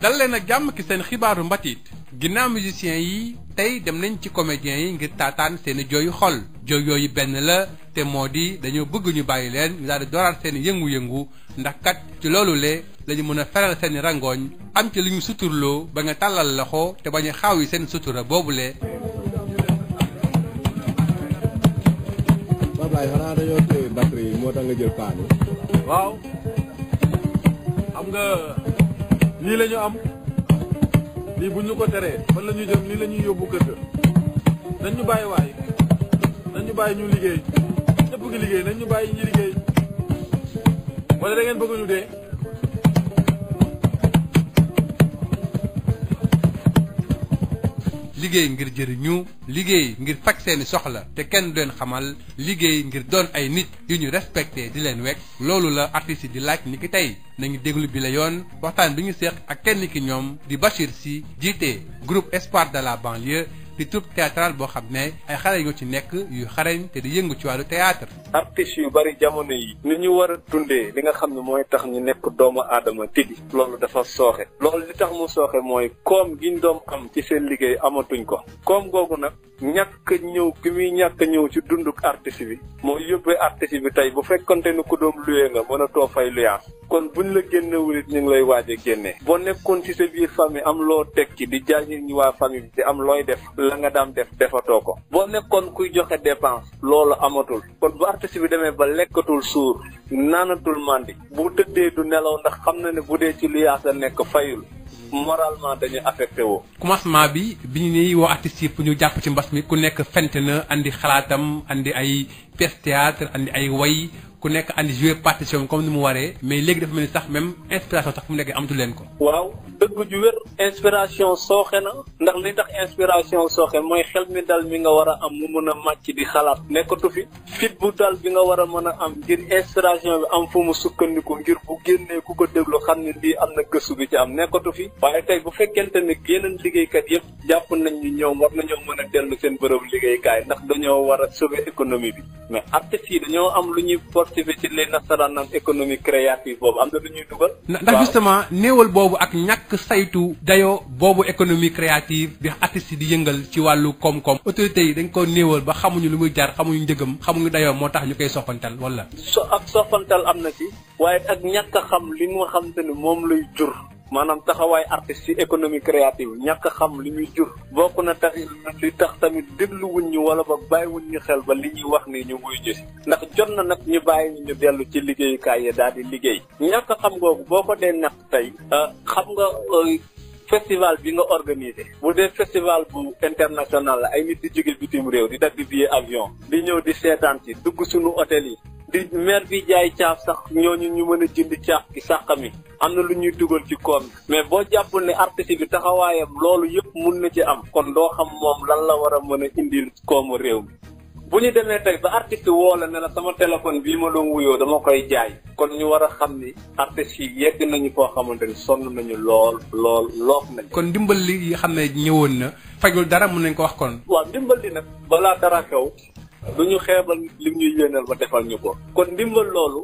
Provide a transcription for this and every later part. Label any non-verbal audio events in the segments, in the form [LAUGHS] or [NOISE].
dal leen ak jàmm ki seen xibaaru mbatiit ginnaaw musiciens yi tey dem nañ ci comédiens yi ngir taataan seeni i jooyu xol jooy yooyu benn la te moo di dañoo bëgg ñu bàyyi leen ñu daal di dooraat seen yëngu-yëngu ndax ci loolu le lañu mën a feral seeni rangooñ am ci lu suturloo ba nga tàllal loxo te bañ a xaaw yi seen sutura boobule. babaay xanaa dañoo lii la ñu am lii bu ñu ko teree fan la ñuy jëm lii la ñuy yóbbu kër ga nañ ñu bàyyi waay nañ ñu ñu liggéey ñëpp ngi liggéey nañ ñu bàyyi ñu liggéey wala da ngeen bëgg ñu dee. liggéey ngir jëriñu liggéey ngir faj seeni soxla te kenn du leen xamal liggéey ngir doon ay nit yu ñu respecté di leen wekk loolu la artistes yi di laaj ni ki tey nañu déglu bi la yoon waxtaan bi ñu seq ak kenn ki ñoom di Bachir Sy jiite groupe Espoir de la banlieue di troupe théâtrale boo xam ne ay xale ñoo ci nekk yu xarañ te di yëngu ci wàllu théâtre artistes yu bari jamono yi ni ñu war a dundee li nga xam ne mooy tax ñu nekk doomu aadama tidi loolu dafa sooxe loolu li tax mu sooxe mooy koom gi ñu doon am ci seen liggéey amatuñ ko koom googu nag ñàkk ñëw ki muy ñàkk ñëw ci dunduk artiste bi moo yóbbee artiste bi tey bu fekkante ni ku doom luwee nga mën a too fay luyaas kon bu ñu la génnewul it ñu ngi lay waaj génne boo nekkoon ci sa biir famille am loo tekki di jaajëf ñi waa famille bi di am looy def la nga daan def defatoo ko boo nekkoon kuy joxe dépense loolu amatul kon bu artiste bi demee ba lekkatul suur naanatul màndi bu tëddee du nelaw ndax xam na ne bu dee ci luyaas la nekk fayul moralement dañuy affecté commencement bi bi ñu nii woo artistes ñu jàpp ci mbas mi ku nekk fent na indi xalaatam andi ay pièce théâtre andi ay way ku nekk andi jouer partition comme ni mu waree mais léegi dafa mel ni sax même inspiration sax fu mu nekkee amatu leen ko. waaw dëgg ju wér inspiration sooxe na ndax li tax inspiration sooxe mooy xel mi dal mi nga war a am mu mën a màcc di xalaat nekkatu fi fit bu dal bi nga war a mën a am ngir inspiration bi am fu mu sukkandiku ngir bu génnee ku ko déglu xam ne lii am na gëstu bi ci am nekkatu fi waaye tey bu fekkente ne yeneen liggéeykat yëpp jàpp nañ ñu ñoom war nañoo mën a dellu seen bërëb liggéeykaay ndax dañoo war a sauver économie bi mais artistes yi dañoo am lu ñuy portifié ci les nasaraan économie créative boobu am na lu ñuy dugal. ndax justement néewal boobu ak ñàkk saytu dayoo boobu économie créative bi artistes yi di yëngal ci wàllu koom-koom autorités yi dañ ko néewal ba xamuñu lu muy jar xamuñu njëgam xamuñu dayoo moo tax ñu koy soppantal wala. so ak soppantal am na ci. waaye ak ñàkk xam li nga xam ni moom lay jur. maanaam taxawaay artiste ci économie créative ñàkk xam li ñuy jur bokk na tax li tax tamit dégluwuñ ñu wala ba bàyyiwuñ ñu xel ba li ñuy wax ni ñu muy jësi ndax jot na nag ñu bàyyi ñu dellu ci liggéeyukaay yi daal di liggéey ñàkk xam googu boo ko dee natt tey euh, xam nga euh, festival bi nga organisé bu dee festival bu international la ay nit di jóge bitim réew di dagg billet avion di ñëw di seetaan ci dugg suñu hôtel yi di meer bi jaay caaf sax ñooñu ñu mën a jënd caaf gi sàq mi am na lu ñuy dugal ci koom mais boo jàppul ne artiste bi taxawaayam loolu yëpp mun na ci am kon doo xam moom lan la war a mën a indi koomu réew mi bu ñu demee tey ba artiste woo la ne la sama téléphone bii ma doon wuyoo dama koy jaay kon ñu war a xam ni artistes yi yegg nañu koo xamante ni sonn nañu lool lool loof nañ kon ndimbal li xam ne ñëwoon na fajul dara mun nañ ko wax kon waaw ndimbal li nag balaa dara xew du ñu xeebal lim ñuy yéenal ba defal ñu ko. kon ndimbal loolu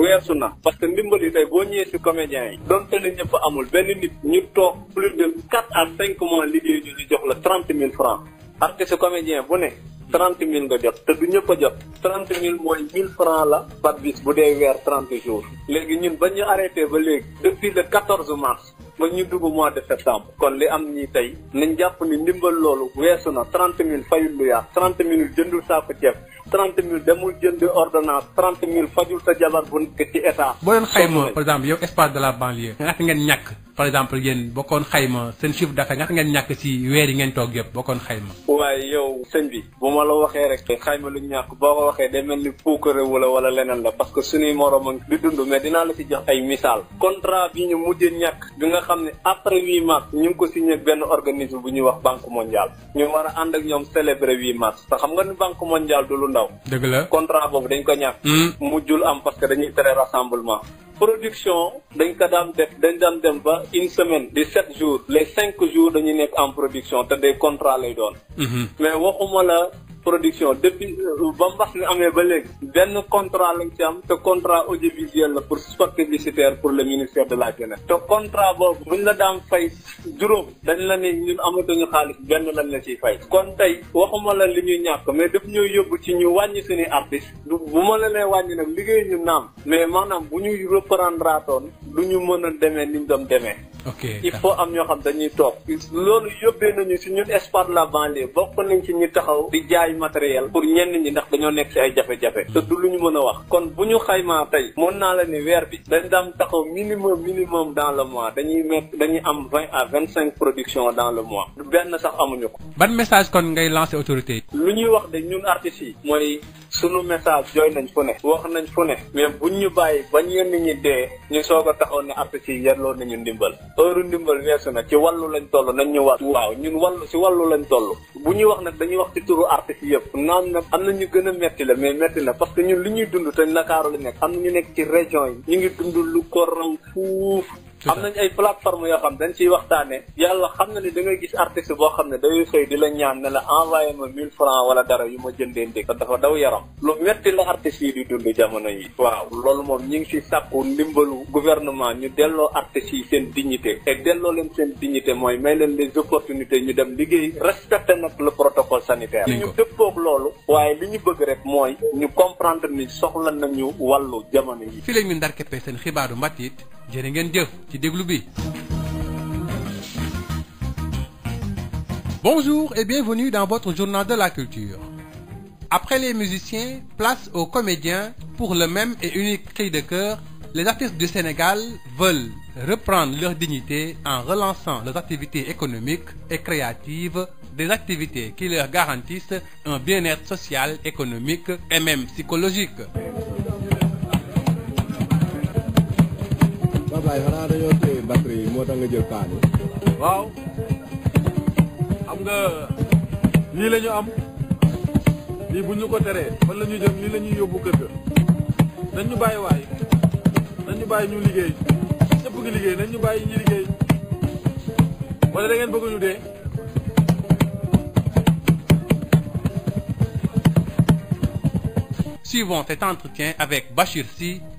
weesu na. parce que ndimbal yi tey boo ñëwee si comédiens yi. donte ne ñëpp amul benn nit. ñu toog plus de quatre à cinq mois liggéey ñu di jox la trente mille francs. artiste comédien bu ne. trente mille nga jot te du ñëpp a jot. trente mille mooy mille francs la. par bis bu dee weer trente jours. léegi ñun ba ñu arrêté ba léegi. depuis le quatorze mars. ba ñu dugg mois de septembre kon li am ni tey nañ jàpp ni ndimbal loolu weesu na trente mille fayul lu yaar trente mille jëndul saako ceeb trente mille demul jënd ordonnance trente mille fajul sa jabar bu nekk ci état. boo leen xayma par exemple yow espace de la banlieue. nga [LAUGHS] ngeen ñàkk. par exemple yéen bokkoon xayma seen chiffre d'affaires nga ngeen ñàkk ci weer yi ngeen toog yëpp bokkoon xayma. waaye yow sëñ bi bu ma la waxee rek xayma lu ñàkk boo ko waxee day mel ni puukare wala wala leneen la parce que suñuy moroom di dund mais dinaa la ci jox ay misaal. contrat bi ñu mujjee ñàkk bi nga xam ne après huit mars ñu ngi ko signé benn organisme bu ñuy wax banque mondiale ñu war a ànd ak ñoom célébrer huit mars te xam nga ni banque mondiale lu ndaw. dëgg la contrat boobu dañ ko ñàkk. Hmm. mujjul am parce que dañuy tere rassemblement. production dañ ko daan def dañ daan dem ba une semaine de sept jour les cinq jours dañuy nekk en production te des contrats lay doon mhm. mais waxuma la production depuis euh, ba mbax mi amee ba léegi benn contrat lañ ci am te contrat audiovisuel la pour spot publicitaire pour le ministère de la jeunesse te contrat boobu buñ la daan fay juróom dañ la ne ñun amatuñu xaalis benn lañ la ciy fay kon tey waxuma la li ñuy ñàkk mais daf ñoo yóbbu ci ñu wàññi suñuy artiste bu ma la nee wàññi nag liggéey ñu naam mais maanaam bu ñuy reprendre atoon du ñu mën a demee niñ doon demee ok il faut am ñoo xam dañuy toog. loolu yóbbee nañu si ñun Espoir la banlieue bokk nañ ci ñu taxaw. di jaay matériel. pour ñenn ñi ndax dañoo nekk si ay jafe-jafe. Hmm. te du lu ñu mën a wax. kon bu ñu xayma tey. mën naa la ni weer bi. dañ daan taxaw minimum minimum dans le mois dañuy mettre dañuy am vingt à vingt cinq production dans le mois. benn sax amuñu ko. ban message kon ngay lancer autorité lu ñuy wax de ñun artistes yi. mooy sunu message jooy nañ fu ne. wax nañ fu ne. mais buñ ñu bàyyi ba ñenn ñi dee. ñu soog a taxaw ne artistes yi yarloo nañu ndimbal heure ndimbal weesu na ci wàllu lañ toll nañ ñu wax waaw ñun wàllu si wàllu lañ toll bu ñuy wax nag dañuy wax ci turu artiste yëpp naan na am na ñu gën a metti la mais metti na parce que ñun li ñuy dund te nakaaru la nekk am ñu nekk ci région yi ñu ngi dund lu ko raw fuuf am nañ ay plateforme yoo xam dañ ciy waxtaane yàlla xam na ni da ngay gis artiste boo xam ne day xëy di la ñaan ne la envoyé ma mille francs wala dara yu ma jëndee ndékk dafa daw yaram lu metti la artiste yi di dund jamono yi waaw loolu moom ñi ngi ci sàkku ndimbalu gouvernement ñu delloo artiste yi seen dignité te delloo leen seen dignité mooy may leen les opportunités ñu dem liggéey respecté nag le protocole sanitaire li ñu dëppoog loolu waaye li ñu bëgg rek mooy ñu comprendre ni soxla nañu wàllu jamono yi fi lañu ndarkeppe seen xibaaru mbatit jërë ngeen jëf ci déglu bi Bonjour et bienvenue dans votre journal de la culture. Après les musiciens, place aux comédiens pour le même et unique cri de cœur, les artistes du Sénégal veulent reprendre leur dignité en relançant leurs activités économiques et créatives, des activités qui leur garantissent un bien-être social, économique et même psychologique. Ablaye xanaa dañoo téye batterie yi moo tax nga jël kaan waaw xam nga lii la ñu am lii bu ñu ko teree fan la ñuy jëm lii lañuy ñuy yóbbu kër ga nañ ñu bàyyi waay nañ ñu bàyyi ñu liggéey ñëpp ngi liggéey nañ ñu bàyyi ñu liggéey wala da ngeen bëgg ñu dee. Suivons cet entretien avec Bachir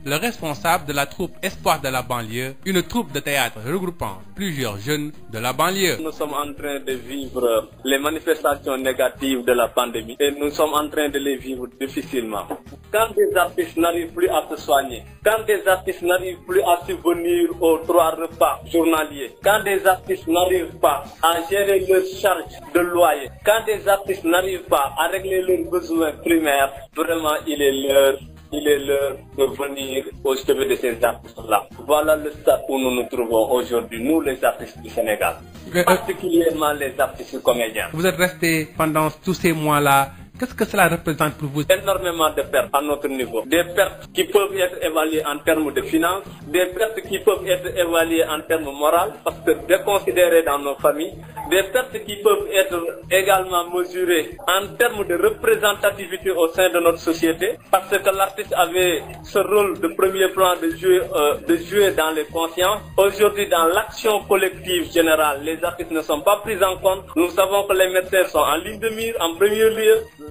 le responsable de la troupe Espoir de la banlieue, une troupe de théâtre regroupant plusieurs jeunes de la banlieue. Nous sommes en train de vivre les manifestations négatives de la pandémie et nous sommes en train de les vivre difficilement. Quand des artistes n'arrivent plus à se soigner, quand des artistes n'arrivent plus à subvenir aux trois repas journaliers, quand des artistes n'arrivent pas à gérer de loyer, quand des artistes n'arrivent pas à régler leurs besoins primaires, vraiment il est l'heure il est l'heure de venir au chevet de ces artistes-là. Voilà le stade où nous nous trouvons aujourd'hui, nous les artistes du Sénégal, euh, particulièrement les artistes comédiens. Vous êtes resté pendant tous ces mois-là Qu'est-ce que cela représente pour vous Énormément de pertes à notre niveau. Des pertes qui peuvent être évaluées en termes de finances, des pertes qui peuvent être évaluées en termes moraux, parce que déconsidérées dans nos familles, des pertes qui peuvent être également mesurées en termes de représentativité au sein de notre société, parce que l'artiste avait ce rôle de premier plan de jouer, euh, de jouer dans les consciences. Aujourd'hui, dans l'action collective les artistes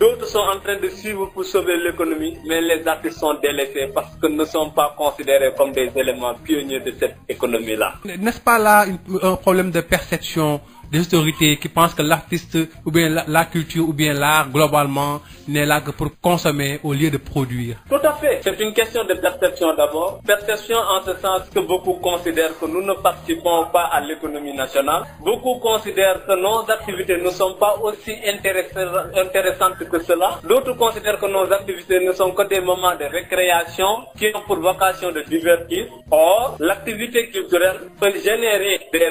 D'autres sont en train de suivre pour sauver l'économie, mais les artistes sont délaissés parce que ne sont pas considérés comme des éléments pionniers de cette économie-là. N'est-ce pas là un problème de perception des autorités qui pensent que l'artiste ou bien la, la, culture ou bien l'art globalement n'est là que pour consommer au lieu de produire. Tout à fait. C'est une question de perception d'abord. Perception en ce sens que beaucoup considèrent que nous ne participons pas à l'économie nationale. Beaucoup considèrent que nos activités ne sont pas aussi intéressantes que cela. D'autres considèrent que nos activités ne sont que des moments de récréation qui ont vocation de divertir. Or, l'activité culturelle peut générer des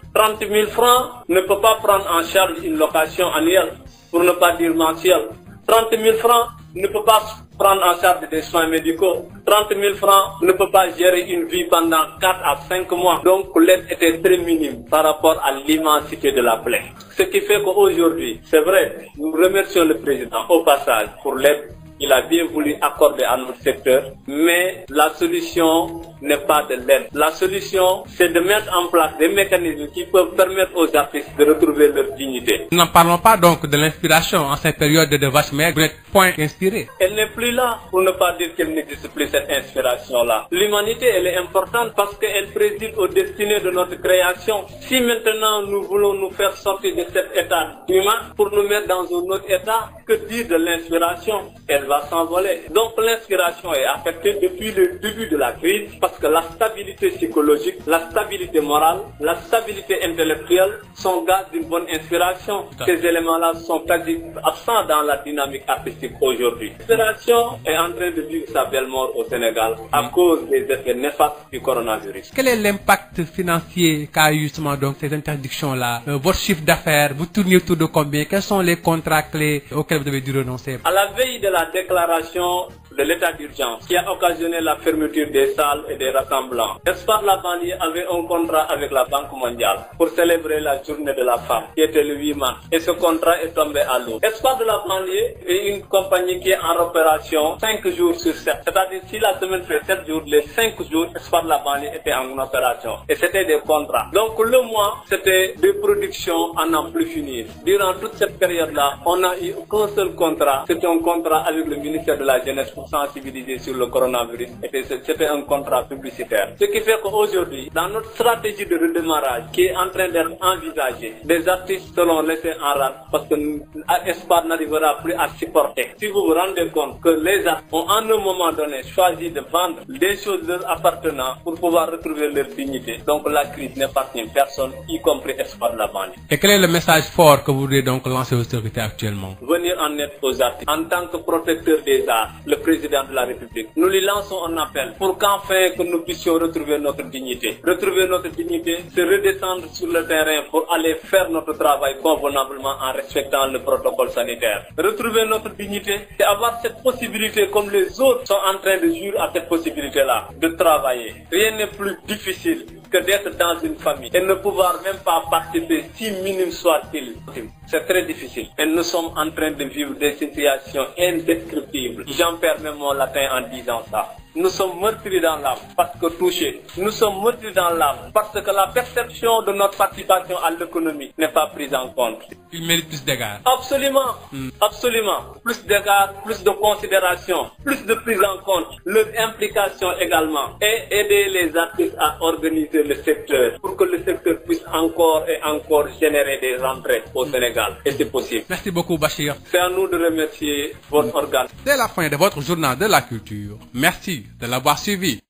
30 000 francs ne peut pas prendre en charge une location annuelle, pour ne pas dire mensuelle. 30 000 francs ne peut pas prendre en charge des soins médicaux. 30 000 francs ne peut pas gérer une vie pendant 4 à 5 mois. Donc l'aide était très minime par rapport à l'immensité de la plaie. Ce qui fait qu'aujourd'hui, c'est vrai, nous remercions le président au passage pour l'aide qu'il a bien voulu accorder à notre secteur, mais la solution n'est pas de l'aide. La solution, c'est de mettre en place des mécanismes qui peuvent permettre aux artistes de retrouver leur dignité. N'en parlons pas donc de l'inspiration en cette période de vache maigre, point inspiré. Elle n'est plus là pour ne pas dire qu'elle n'existe plus cette inspiration-là. L'humanité, elle est importante parce qu'elle préside au destiné de notre création. Si maintenant nous voulons nous faire sortir de cet état humain parce que la stabilité psychologique, la stabilité morale, la stabilité intellectuelle sont gaz d'une bonne inspiration. Ces éléments-là sont quasi absents dans la dynamique artistique aujourd'hui. L'inspiration est en train de vivre sa belle mort au Sénégal à cause des effets néfastes du coronavirus. Quel est l'impact financier qu'a eu justement donc ces interdictions-là euh, Votre chiffre d'affaires, combien Quels sont les contrats clés auxquels vous avez dû renoncer À la veille de la déclaration de l'état d'urgence qui a occasionné la fermeture des salles et des rassemblements. Espoir La Banlieue avait un contrat avec la Banque mondiale pour célébrer la journée de la femme qui était le mars et ce contrat est tombé à l'eau. Espoir de la Banlieue est une compagnie qui est en opération 5 jours sur 7. C'est-à-dire si la semaine fait 7 jours, les 5 jours, Espoir de la Banlieue était en opération et c'était des contrats. Donc le mois, n'a eu qu'un seul contrat. C'était un contrat avec le ministère de la Jeunesse pour sensibiliser sur le coronavirus. Et c'était un contrat publicitaire. Ce qui fait qu'aujourd'hui, dans notre stratégie de redémarrage qui est en envisagée, des artistes seront laissés en rade parce que Espoir n'arrivera plus à supporter. Si vous rendez compte que les artistes ont en un moment donné choisi de vendre des choses leur appartenant pour pouvoir retrouver leur dignité, donc la crise n'épargne personne, y compris Espoir la président de la République. Nous lui lançons un appel pour qu'enfin que nous puissions retrouver notre dignité. Retrouver notre dignité, c'est redescendre sur le terrain pour aller faire notre travail convenablement en respectant le protocole sanitaire. Retrouver notre dignité, c'est avoir cette possibilité comme les autres sont en train de jouir à cette possibilité-là, de travailler. Rien n'est plus difficile que d'être dans une famille et ne pouvoir même pas participer, si minime soit-il. C'est très difficile. Et nous sommes en train de vivre des situations indescriptibles. J'en perds même mon latin en disant ça. nous sommes meurtris dans l'âme parce que touchés. Nous sommes meurtris dans l'âme parce que la perception de notre participation à l'économie n'est pas prise en compte. Il mérite plus d'égards. Absolument, mm. absolument. Plus d'égards, plus de considération, plus de prise en compte, leur implication également. Et aider les artistes à organiser le secteur pour que le secteur puisse encore et encore générer des entrées au mm. Sénégal. Et c'est possible. Merci beaucoup Bachir. de remercier votre hmm. organe. Dès de la culture, de l'avoir suivi.